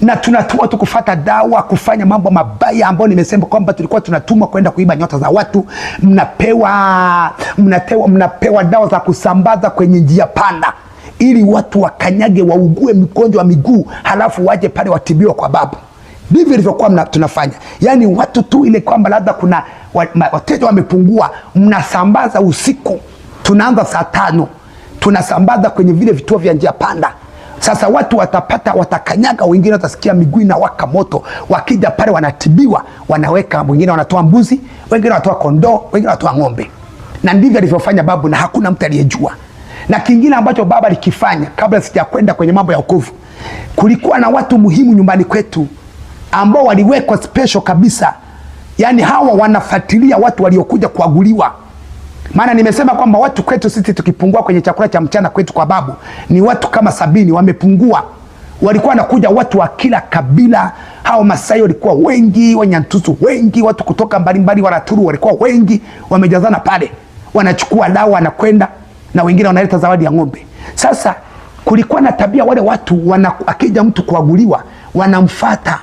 na tunatumwa tu kufata dawa, kufanya mambo mabaya ambayo nimesema kwamba tulikuwa tunatumwa kwenda kuiba nyota za watu. Mnapewa, mnatewa, mnapewa dawa za kusambaza kwenye njia panda ili watu wakanyage, waugue mgonjwa wa miguu, halafu waje pale watibiwa kwa babu. Ndivyo ilivyokuwa tunafanya, yaani watu tu ile kwamba labda kuna wateja wamepungua, mnasambaza usiku, tunaanza saa tano, tunasambaza kwenye vile vituo vya njia panda. Sasa watu watapata, watakanyaga, wengine watasikia miguu waka moto, wakija pale wanatibiwa, wanaweka, wengine wanatoa mbuzi, wengine wanatoa kondoo, wengine wanatoa ng'ombe, na ndivyo alivyofanya babu, na hakuna mtu aliyejua. Na kingine ambacho baba alikifanya, kabla sijakwenda kwenye mambo ya ukovu, kulikuwa na watu muhimu nyumbani kwetu ambao waliwekwa special kabisa, yani hawa wanafuatilia watu waliokuja kuaguliwa maana nimesema kwamba watu kwetu sisi tukipungua kwenye chakula cha mchana kwetu kwa babu ni watu kama sabini wamepungua. Walikuwa wanakuja watu wa kila kabila, hao Masai walikuwa wengi, Wanyantusu wengi, watu kutoka mbalimbali, Waraturu walikuwa wengi, wamejazana pale, wanachukua dawa wanakwenda, na wengine wanaleta zawadi ya ng'ombe. Sasa kulikuwa na tabia, wale watu wana, akija mtu kuaguliwa wanamfata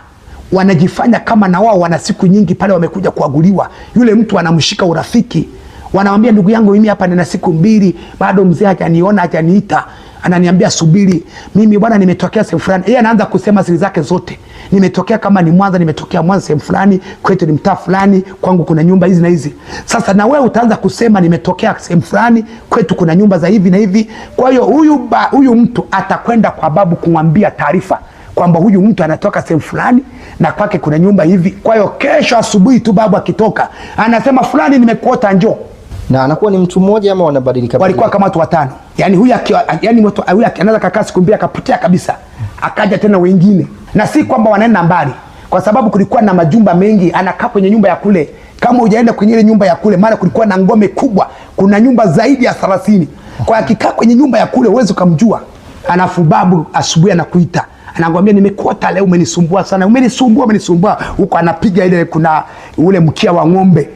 wanajifanya kama na wao wana siku nyingi pale, wamekuja kuaguliwa. Yule mtu anamshika urafiki wanamwambia ndugu yangu, mimi hapa nina siku mbili, bado mzee hajaniona hajaniita, ananiambia subiri, mimi bwana, nimetokea sehemu fulani. Yeye anaanza kusema siri zake zote, nimetokea kama ni Mwanza, nimetokea Mwanza sehemu fulani, kwetu ni mtaa fulani, kwangu kuna nyumba hizi na hizi. Sasa na wewe utaanza kusema nimetokea sehemu fulani, kwetu kuna nyumba za hivi na hivi. Kwa hiyo huyu huyu mtu atakwenda kwa babu kumwambia taarifa kwamba huyu mtu anatoka sehemu fulani na kwake kuna nyumba hivi. Kwa hiyo kesho asubuhi tu babu akitoka anasema fulani, nimekuota njoo na anakuwa ni mtu mmoja ama wanabadilika? Walikuwa kama watu watano, yani huyu yani mtu huyu anaweza kakaa siku mbili akapotea kabisa, akaja tena wengine, na si kwamba wanaenda mbali, kwa sababu kulikuwa na majumba mengi. Anakaa kwenye nyumba ya kule, kama hujaenda kwenye ile nyumba ya kule, maana kulikuwa na ngome kubwa, kuna nyumba zaidi ya 30 kwa akikaa kwenye nyumba ya kule uwezi ukamjua. anafu babu asubuhi anakuita anakwambia, nimekuota leo, umenisumbua sana, umenisumbua, umenisumbua huko. Anapiga ile, kuna ule mkia wa ng'ombe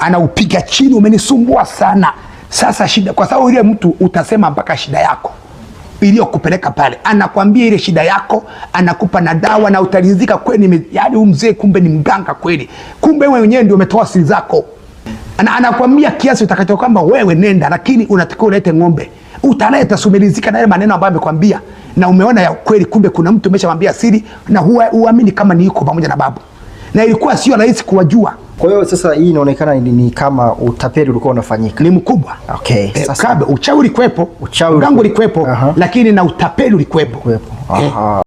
anaupiga chini, umenisumbua sana. Sasa shida, kwa sababu ile mtu utasema mpaka shida yako iliyokupeleka pale, anakwambia ile shida yako, anakupa na dawa na utalizika kweli. Yaani huyu mzee kumbe ni mganga kweli, kumbe wewe mwenyewe ndio umetoa siri zako. Ana, anakwambia kiasi utakacho kwamba wewe nenda, lakini unatakiwa ulete ng'ombe, utaleta sumerizika na yale maneno ambayo amekwambia, na umeona ya kweli, kumbe kuna mtu ameshamwambia siri, na huwa uamini kama ni yuko pamoja na babu, na ilikuwa sio rahisi kuwajua kwa hiyo sasa hii inaonekana ni kama utapeli ulikuwa unafanyika. Ni mkubwa. Okay. Eh, sasa uchawi ulikuwepo, uchawi ulikuwepo, ulikuwepo uh -huh. Lakini na utapeli ulikuwepo. Ulikuwepo. Eh. Aha. Eh.